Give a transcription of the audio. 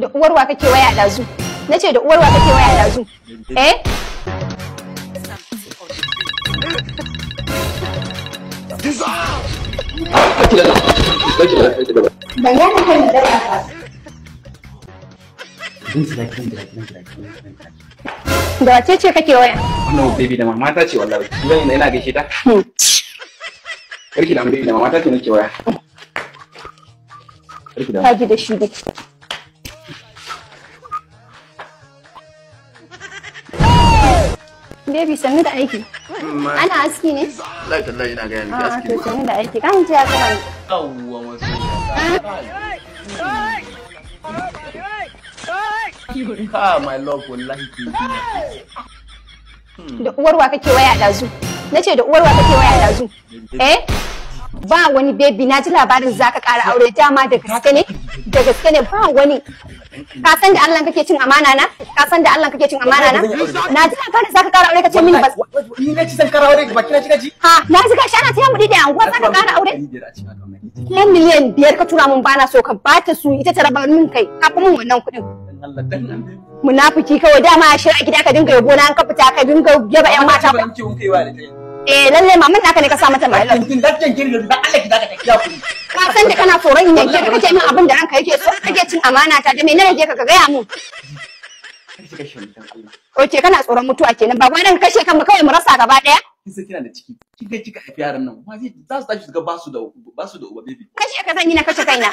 Da uwarwa kake waya ɗazu. Na ce da uwarwa kake waya ɗazu. Eh? da wace ce kake waya? Wannan baby da mamata ce wallahi. Zan ina gaishe ta. Karki hmm. da baby da mamata ce nake waya. Karki da. Kaji da shi da. Baby da aiki. Ana aski ne? Allah ta ina ga ah, aski. Ah, da aiki. Kan masu. Ka my love wallahi ki. Da uwarwa kake waya Nace da uwarwa kake waya dazu. Eh? ba wani baby na ji labarin za ka ƙara aure dama da gaske ne da gaske ne ba wani ka san da Allah kake cin amana na ka san da Allah kake cin amana na na ji labarin zaka ƙara aure kace mini ba ni ne ci san ƙara aure baki na ji gaji ha na ji gashi ana taya mu an anguwa zaka ƙara aure ne miliyan biyar ka tura mun bana so ka bata su ita ta raba min kai ka fi mun wannan kuɗin Allah dan munafiki kawai dama a shirya gida ka dinga yabo na an ka fita ka dinga yaba yan mata ba ki wanke wa da kai eh lalle naka ne ka sa mata mai lalle kin kin kirga da Allah ki da ka kiya ku ka san da kana tsoron in yanke ka je min abin da ranka yake so kake cin amana ta da me ne yake ka gaya mu Oke kana tsoron mutuwa kenan ba ka kashe kanmu kawai mu rasa gaba daya? Kin san kina da ciki. Kin kika haifi yaran nan. Ma zai za su tashi su ga basu da basu da uba baby. Kashe ka zan yi na kashe kaina.